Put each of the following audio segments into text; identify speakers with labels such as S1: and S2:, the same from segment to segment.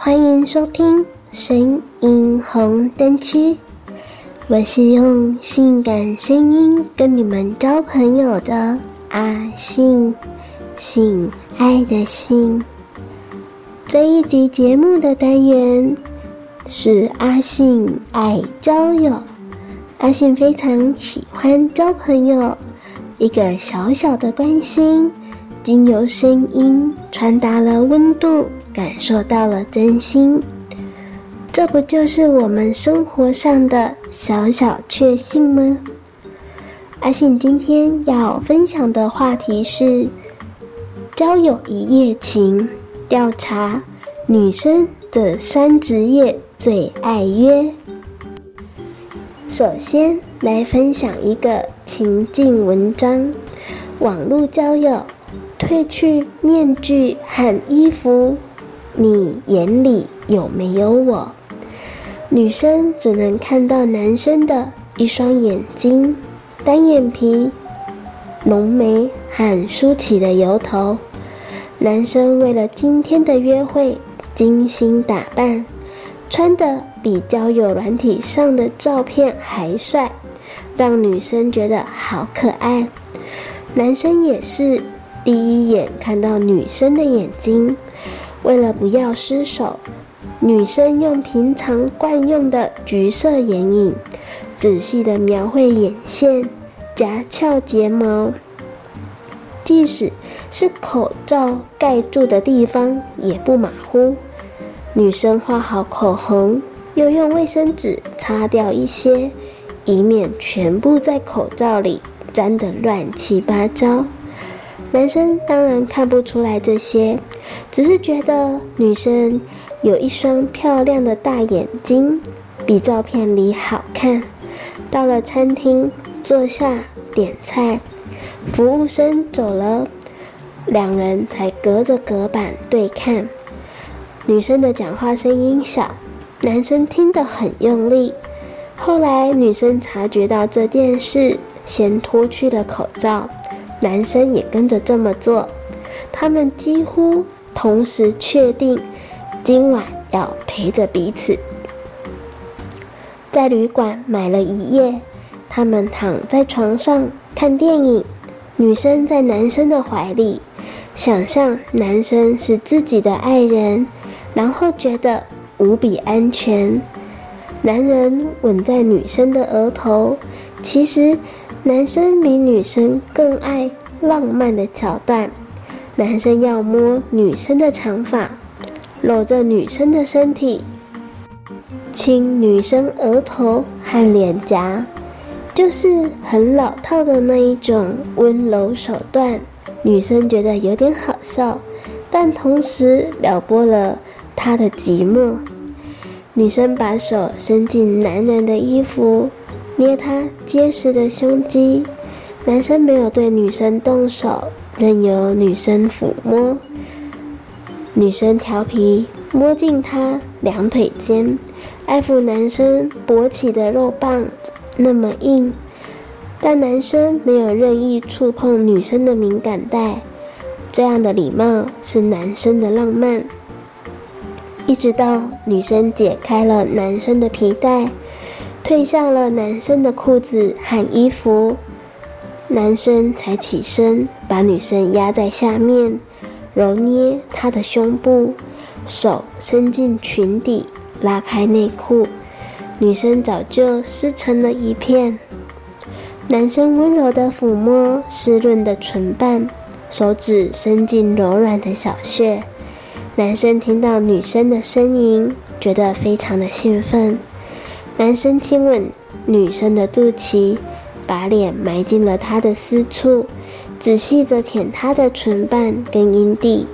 S1: 歡迎收聽聲音紅燈區，我是用性感聲音跟你們交朋友的阿性，性愛的性。這一集節目的單元是阿性愛交友，阿性非常喜歡交朋友，一個小小的關心，經由聲音傳達了溫度。感受到了真心，這不就是我們生活上的小小確幸嗎？阿性今天要分享的話題是交友一夜情調查，女生的三職業最愛約。首先來分享一個情境文章：網絡交友，褪去面具，和衣服。你眼裡有沒有我？女生只能看到男生的一雙眼睛，單眼皮、濃眉和梳起的油頭。男生為了今天的約會精心打扮，穿的比交友軟體上的照片還帥，讓女生覺得好可愛。男生也是第一眼看到女生的眼睛。為了不要失手，女生用平常慣用的橘色眼影，仔細地描繪眼線、夾翹睫毛。即使是口罩蓋住的地方，也不馬虎。女生畫好口紅，又用衛生紙擦掉一些，以免全部在口罩裡粘得亂七八糟。男生當然看不出來這些。只是覺得女生有一雙漂亮的大眼睛，比照片裡好看。到了餐廳坐下點菜，服務生走了，兩人才隔着隔板對看。女生的講話聲音小，男生聽得很用力。後來女生察覺到這件事，先脫去了口罩，男生也跟着這麼做。他們幾乎同時確定，今晚要陪着彼此。在旅館買了一夜，他們躺在床上看電影，女生在男生的懷裡，想象男生是自己的愛人，然後覺得無比安全。男人吻在女生的額頭，其實男生比女生更愛浪漫的橋段。男生要摸女生的長髮，摟着女生的身體，親女生額頭和臉頰，就是很老套的那一種溫柔手段。女生覺得有點好笑，但同時撩撥了她的寂寞。女生把手伸進男人的衣服，捏他結實的胸肌。男生沒有對女生動手。任由女生撫摸，女生調皮摸進他兩腿間，愛撫男生勃起的肉棒，那麼硬。但男生沒有任意觸碰女生的敏感帶，這樣的禮貌是男生的浪漫。一直到女生解開了男生的皮帶，褪下了男生的褲子和衣服。男生才起身，把女生壓在下面，揉捏她的胸部，手伸進裙底，拉開內褲，女生早就濕成了一片。男生溫柔地撫摸濕潤的唇瓣，手指伸進柔軟的小穴。男生聽到女生的呻吟，覺得非常的興奮。男生親吻女生的肚臍。把臉埋進了他的私處，仔細地舔他的唇瓣跟陰蒂。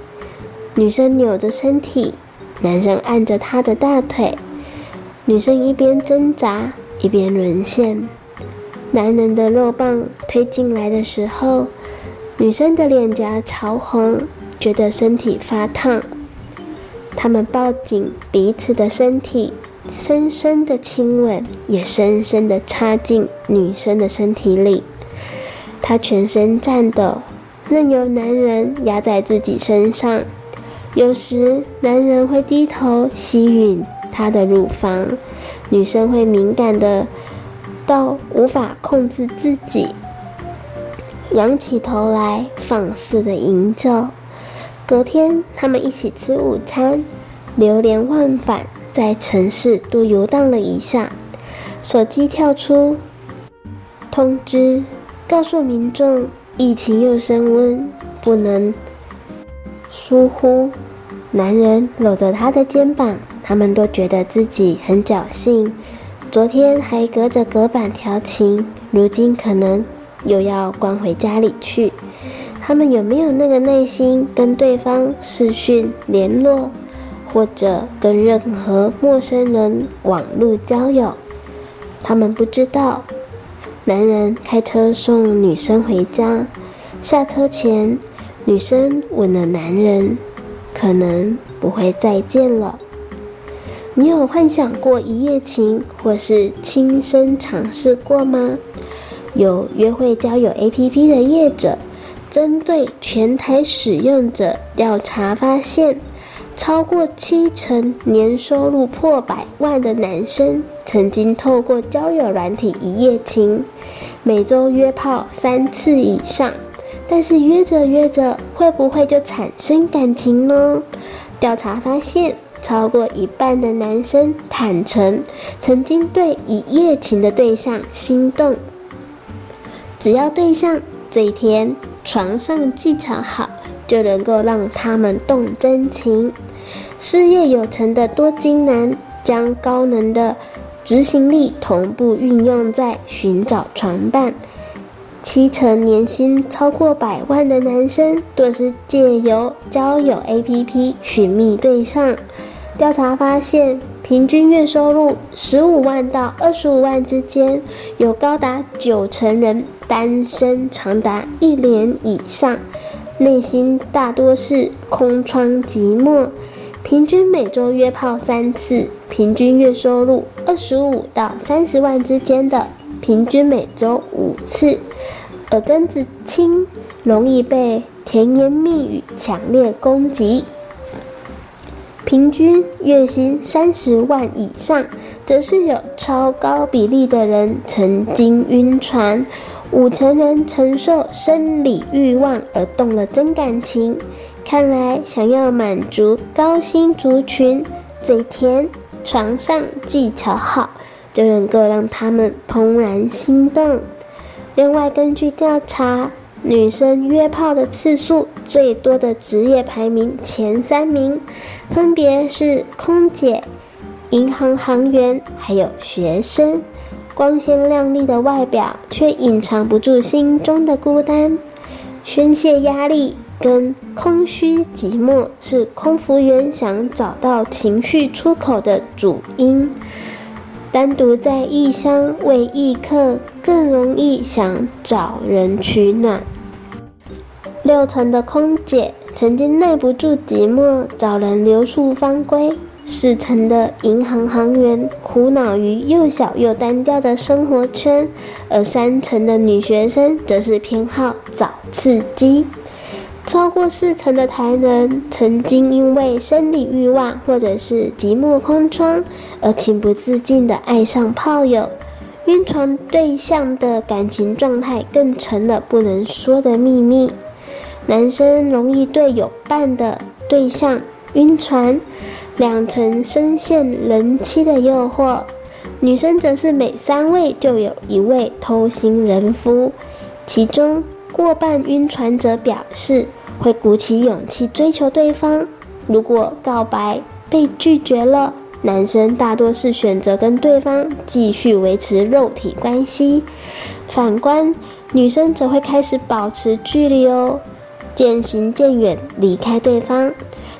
S1: 女生扭着身體，男生按着她的大腿。女生一邊掙扎一邊淪陷。男人的肉棒推進來的時候，女生的臉頰潮紅，覺得身體發燙。他們抱緊彼此的身體。深深的親吻也深深的插進女生的身體裡，她全身顫抖，任由男人壓在自己身上。有時男人會低頭吸吮她的乳房，女生會敏感的到無法控制自己，仰起頭來放肆的淫叫。隔天他們一起吃午餐，流連忘返。在城市多遊蕩了一下，手機跳出通知，告訴民眾疫情又升溫，不能疏忽。男人摟着她的肩膀，他們都覺得自己很僥倖，昨天還隔着隔板調情，如今可能又要關回家裡去。他們有沒有那個耐心跟對方視訊聯絡？或者跟任何陌生人網路交友，他們不知道，男人開車送女生回家，下車前女生吻了男人，可能不會再見了。你有幻想過一夜情，或是親身嘗試過嗎？有約會交友 APP 的業者，針對全台使用者調查發現。超過七成年收入破百萬的男生，曾經透過交友軟體一夜情，每周約炮三次以上。但是約着約着，會不會就產生感情呢？調查發現，超過一半的男生坦誠曾經對一夜情的對象心動。只要對象嘴甜，床上技巧好。就能夠讓他們動真情。事業有成的多金男將高能的執行力同步運用在尋找床伴，七成年薪超過百萬的男生都是借由交友 APP 尋覓對象。調查發現，平均月收入十五萬到二十五萬之間，有高達九成人單身長達一年以上。內心大多是空窗寂寞，平均每周約炮三次，平均月收入二十五到三十萬之間的，平均每周五次，耳根子輕容易被甜言蜜語強烈攻擊。平均月薪三十萬以上，則是有超高比例的人曾經暈船。五成人承受生理欲望而動了真感情，看來想要滿足高薪族群，嘴甜、床上技巧好就能夠讓他們怦然心動。另外，根據調查，女生約炮的次數最多的職業排名前三名，分別是空姐、銀行行員，還有學生。光鮮亮麗的外表，卻隱藏不住心中的孤單。宣洩壓力跟空虛寂寞是空服員想找到情緒出口的主因。單獨在異鄉為異客，更容易想找人取暖。六成的空姐曾經耐不住寂寞，找人留宿方歸。四成的銀行行員苦惱於又小又單調的生活圈，而三成的女學生則是偏好找刺激。超過四成的台人曾經因為生理欲望或者是寂寞空窗而情不自禁地愛上炮友，暈船對象的感情狀態更成了不能說的秘密。男生容易對有伴的對象暈船。兩成深陷人妻的誘惑，女生則是每三位就有一位偷腥人夫。其中過半暈船者表示會鼓起勇氣追求對方。如果告白被拒絕了，男生大多是選擇跟對方繼續維持肉體關係。反觀女生，則會開始保持距離哦，漸行漸遠，離開對方。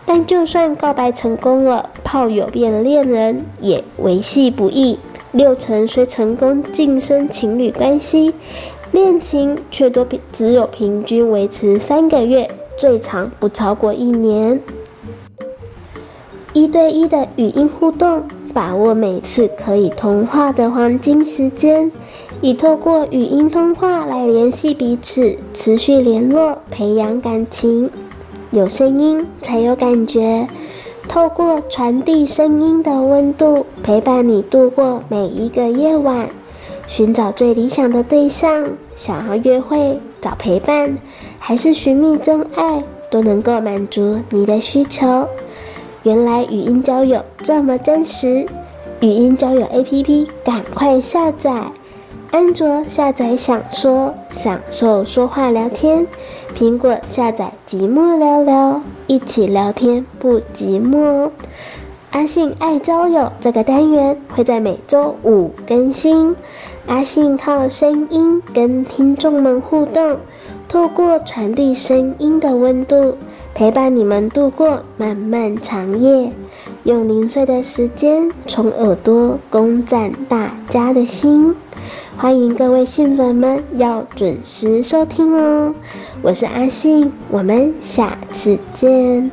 S1: 但就算告白成功了，炮友變戀人也維繫不易。六成雖成功晉升情侶關係，戀情卻都只有平均維持三個月，最長不超過一年。一對一的語音互動，把握每次可以通話的黃金時間，以透過語音通話來聯繫彼此，持續聯絡，培養感情。有聲音才有感覺，透過傳遞聲音的溫度，陪伴你度過每一個夜晚。尋找最理想的對象，想要約會，找陪伴，還是尋覓真愛，都能夠滿足你的需求。原來語音交友這麼真實，語音交友 APP 趕快下載。安卓下載“享說，享受說話聊天”，蘋果下載“寂寞聊聊”，一起聊天不寂寞。阿性愛交友這個單元會在每週五更新。阿性靠聲音跟聽眾們互動，透過傳遞聲音的溫度，陪伴你們度過漫漫長夜，用零碎的時間從耳朵攻占大家的心。歡迎各位性粉們，要準時收聽哦！我是阿性，我們下次見。